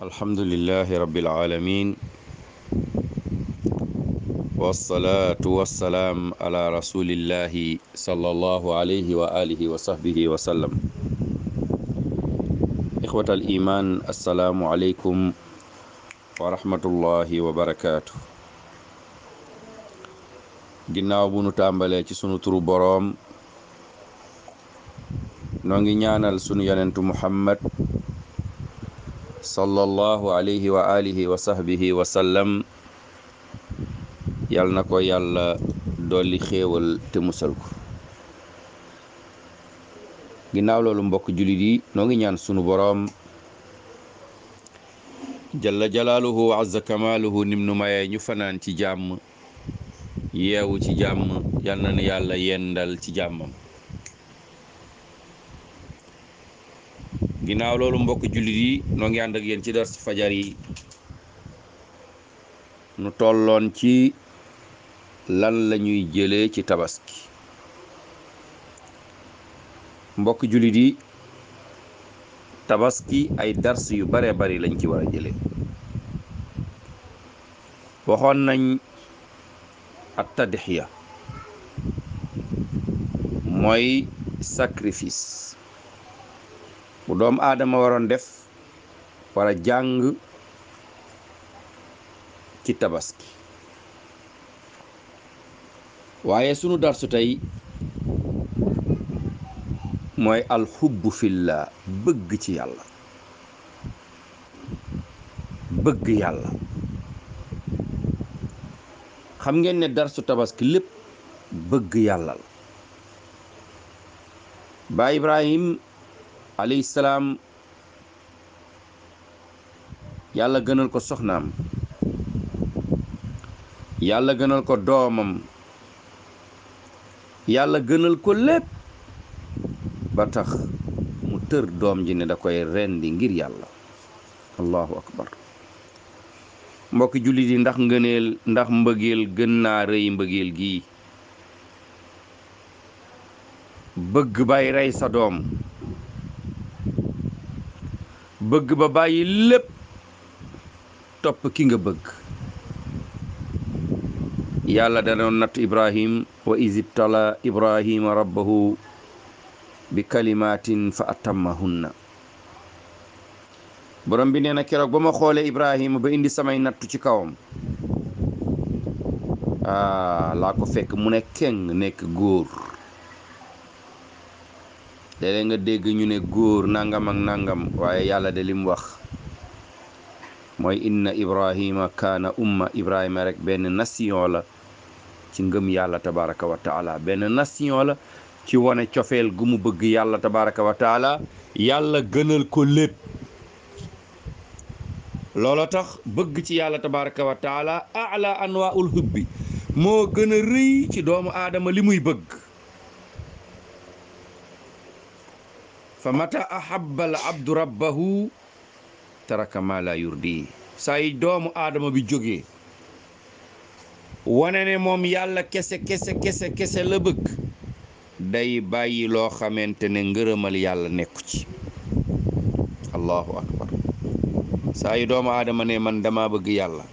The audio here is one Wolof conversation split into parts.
alhamdulilahi rabbil aalamiin wassalaatu wassalaam ala rasulillahi sallallahu alayhi wa alihi wa sahbihi wa sallam ixwata al iman assalaamu aleykum wa rahmatullahi wa barakaatu ginnaaw bu nu tàmbalee ci sunu turu boroom noo ngi ñaanal sunu yonentu muhammad sallallahu alayhi wa alihi wa sahbihi wa sallam yal na ko yàlla dolli xéewal te musal ko ginnaaw loolu mbokk jullit yi noo ngi ñaan sunu boroom jalla jalaaluhu wa azza kamaaluhu nim nu mayee ñu fanaan ci jàmm yeewu ci jàmm yal na nu yàlla yendal ci jàmmam ginnaaw loolu mbokk jullit yi noo ngi ànd ak yéen ci dars fajar yi nu tolloon ci lan lañuy ñuy jëlee ci tabaski mbokk jullit yi tabaski ay dars yu bare bari lañ ci war a jëlee waxoon nañ at tadhiya mooy sakrifis bu doomu aadama waroon def war jàng ci tabaski waaye sunu darsu tey mooy alxubbu fillaa bëgg ci yàlla bëgg yàlla xam ngeen ne darsu tabaski lépp bëgg yàlla la Baay Ibrahim alayhi salaam yàlla gënal ko soxnaam yàlla gënal ko doomam yàlla gënal ko lépp ba tax mu tër doom ji ne da koy rendi ngir yàlla allahu akbar mbokki jullit yi ndax ngëneel ndax mbëggeel gën naa rëy mbëggeel gii bëgg bay rey sa doom bëgg ba bàyyi lépp topp ki nga bëgg yàlla danoon natt ibrahim wa isibtala ibrahima rabbahu bi kalimaatin fa atammahunna borom bi nee na keroog ba ma xoolee ibrahima ba indi samay nattu ci kawam ah laa ko fekk mu ne keng nekk góor léeg nga dégg ñu ne góor nangam ak nangam waaye yàlla de lim wax mooy inna ibrahima kaana umma ibrahima rek benn nation la ci ngëm yàlla tabaraka wa taala benn nation la ci wane cofeel gu mu bëgg yàlla tabaraka wa taala yàlla gënal ko lépp loolo tax bëgg ci yàlla tabaraka wa taala ala anwaaul hubbi moo gën a rëy ci doomu aadama li muy bëgg fa mata ahabba al abdu rabbahu taraka di la saa yi doomu aadama bi jóge wane ne moom yàlla kese kese kese kese la bëgg day bàyyi loo xamante ne ngërëmal yàlla nekku ci allahu akbar saa yi doomu aadama ne man dama bëgg yàlla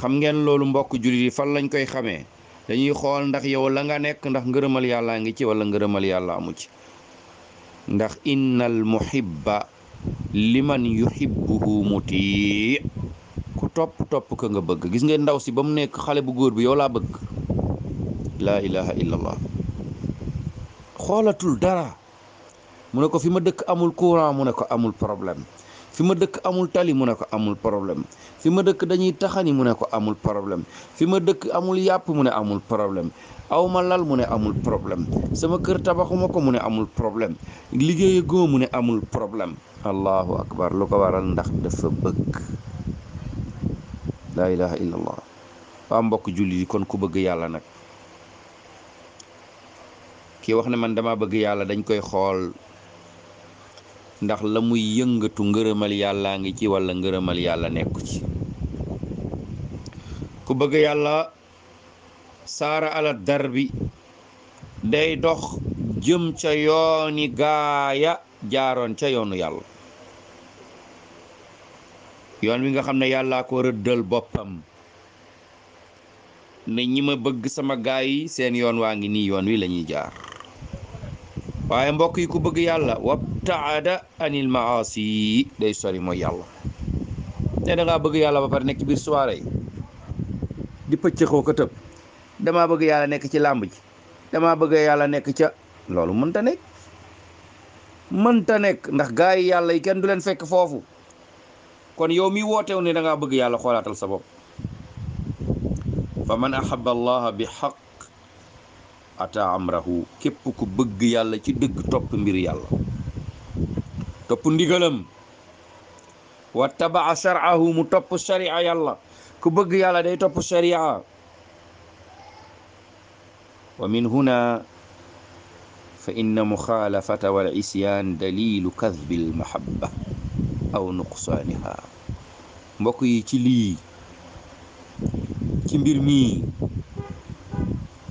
xam ngeen loolu mbokk jullit yi fan lañ koy xamee dañuy xool ndax yow la nga nekk ndax ngërëmal yàllaa ngi ci wala ngërëmal yàlla amu ci ndax in innal muhibba liman yuhibbuhu muti ku topp topp ka nga bëgg gis ngeen ndaw si ba mu nekk xale bu góor bi yow laa bëgg laa ilaha illallah xoolatul dara mu ne ko fi ma dëkk amul courant mu ne ko amul problème fi ma dëkk amul tali mu ne ko amul problème fi ma dëkk dañuy taxani mu ne ko amul problème fi ma dëkk amul yàpp mu ne amul problème awma lal mu ne amul problème sama kër tabaxuma ko mu ne amul problème liggéeyu goo mu ne amul problème allahu akbar lu ko waral ndax dafa bëgg laa ilaha illallah waa mbokk julli yi kon ku bëgg yàlla nag ki wax ne man dama bëgg yàlla dañ koy xool ndax la muy yëngatu ngërëmal yàllaa ngi ci walla ngërëmal yàlla nekku ci ku bëgg yàlla saara ala bi day dox jëm ca yooni gaaya jaaroon ca yoonu yàlla yoon wi nga xam ne yàllaa ko rëddal boppam ne ñi ma bëgg sama gaay yi seen yoon waa ngi nii yoon wi lañuy jaar waaye mbokk yi ku bëgg yàlla wabtaada anil maasi yi day sori mooy yàlla te da ngaa bëgg yàlla ba pare nekk biir soirée yi di pëccëxoo ko tëb damaa bëgg yàlla nekk ci làmb ji damaa bëgg yàlla nekk ca loolu mënta nekk mënta nekk ndax gaa yi yàlla yi kenn du leen fekk foofu kon yow mi wootewu ne da ngaa bëgg yàlla xoolaatal sa bopp fa man ahabba allaha bi xaq ata amrahu képp ku bëgg yàlla ci dëgg topp mbir yàlla topp ndigalam wa tabaa shar'ahu mu topp sharia yàlla ku bëgg yàlla day topp sharia wa min huna fa inna muxaalafata wal isyaan dalilu kadbil mahabba aw nuqsaaniha mbokk yi ci lii ci mbir mii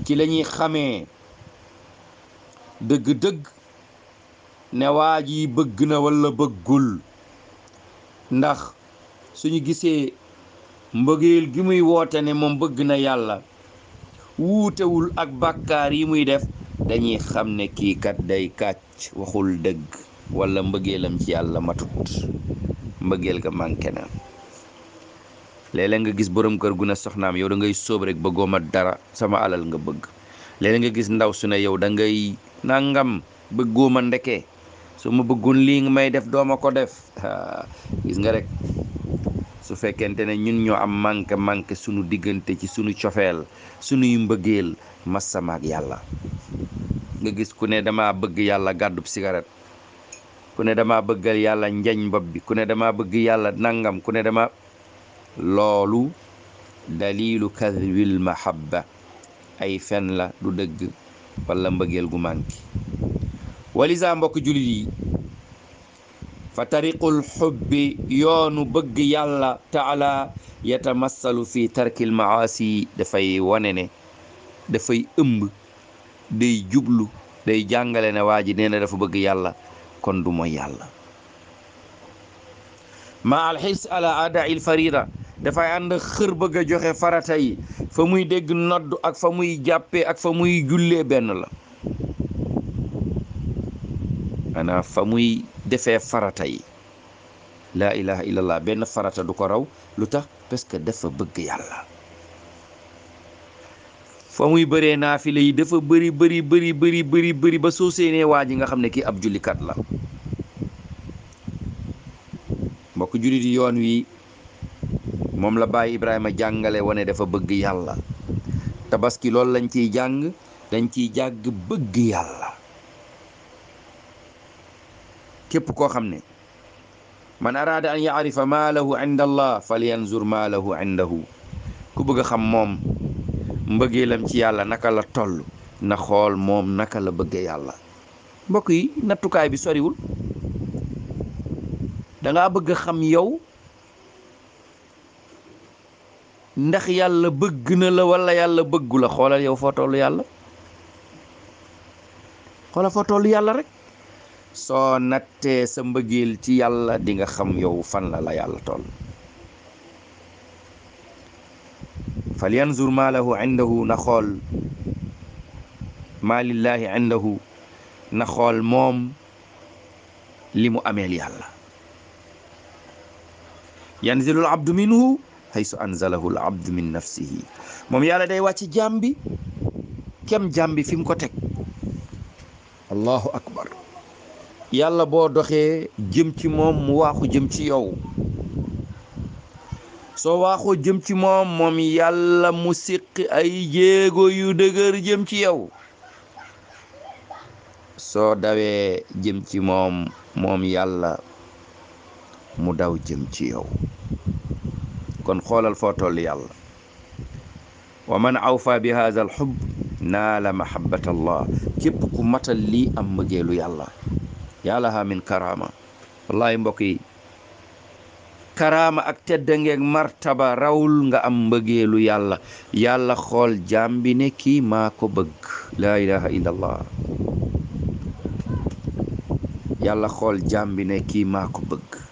ci lañuy xamee dëgg-dëgg ne waa ji bëgg na walla bëggul ndax suñu gisee mbëggeel gi muy woote ne moom bëgg na yàlla wuutewul ak bàkkaar yi muy def dañuy xam ne kiikat kat day kàcc waxul dëgg walla mbëggeelam ci yàlla matut mbëggeel ga manqué na léeg-léeg nga gis boroom kër gu ne soxnaam yow da ngay sóob rek bëggoo ma dara sama alal nga bëgg léeg nga gis ndaw su ne yow da ngay nangam bëggoo ma ndekee su ma bëggoon lii nga may def doo ma ko def ah, gis nga rek su fekkente ne ñun ñoo am manque manque sunu diggante ci sunu cofeel sunuy mbëggeel masama ak yàlla nga gis ku ne dama bëgg yàlla gàddu cigarette ku ne dama bëggal yàlla njañ bopp bi ku ne dama bëgg yàlla nangam ku ne dama loolu dalilu kadhibil mahabba ay fen la du dëgg wala mbëggeel gu mànki walisa mbokk jullit yi fa tariqul xubbi yoonu bëgg yàlla taala yatamassalu fi tarkil maasi dafay wane ne dafay ëmb day jublu day jàngale ne waa ji nee dafa bëgg yàlla kon du mooy yàlla ma alxirs ala adaa il farida dafay ànd xër bëgg a joxe farata yi fa muy dégg nodd ak fa muy jàppe ak fa muy jullee benn la maanaam fa muy defee farata yi laa ilaha illallah benn farata du ko raw lu tax parce que dafa bëgg yàlla fa muy bëree naafile yi dafa bari bëri bëri bëri bëri ba soo séenee waa ji nga xam ne kii ab jullikat la jullit yoon wi moom la bàyyi Ibrahima jàngale wane dafa bëgg yàlla tabaski loolu lañ ciy jàng dañ ciy jàgg bëgg yàlla képp koo xam ne man araada an yaarifa maa lahu inda falyanzur maa lahu ku bëgg a xam moom mbëggeelam ci yàlla naka la toll ndax xool moom naka la bëgg yàlla mbokk yi nattukaay bi soriwul danga bëgg xam yow ndax yàlla bëgg na la walla yàlla bëggula xoolal yow foo toll yàlla xoolal foo toll yàlla rek soo nattee sa mbëggeel ci yàlla dinga xam yow fan la la yàlla tool fal yanzur maa lahu na xool maa lillaahi na xool moom li mu ameel yàlla yanzilul abdu minhu haysu anzalahu l min nafsihi moom yàlla day wàcc jaam bi kem jaam bi fi ko teg allahu akbar yàlla boo doxee jëm ci moom mu waaxu jëm ci yow soo waaxoo jëm ci moom moom yàlla mu siq ay jéego yu dëgër jëm ci yow soo dawee jëm ci moom moom yàlla mu daw jëm ci yow kon xoolal foo toll yàlla wa man awfa bi haada al xub naa la mahabbata allah ku matal lii am mëggeelu yàlla yàlla ha min karaama wallahi mbokk yi karaama ak teddangeeg martaba rawul nga am mbëggeelu yàlla yàlla xool jaam bi ne kii ko bëgg xool jaam bi ne ko bëgg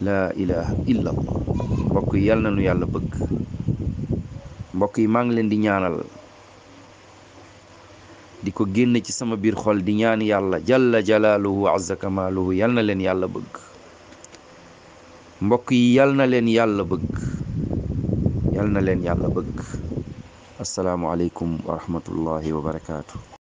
laa ilaha illa allah mbokk yi yàlla na nu yàlla bëgg mbokk yi maa ngi leen di ñaanal di ko génn ci sama biir xol di ñaan yàlla jalla jalaaluhu azza kamaaluhu yàlla na leen yàlla bëgg mbokk yi yàlla na leen yàlla bëgg yàlla na leen yàlla bëgg asalaamualeykum wa rahmatullahi wa barakaatu.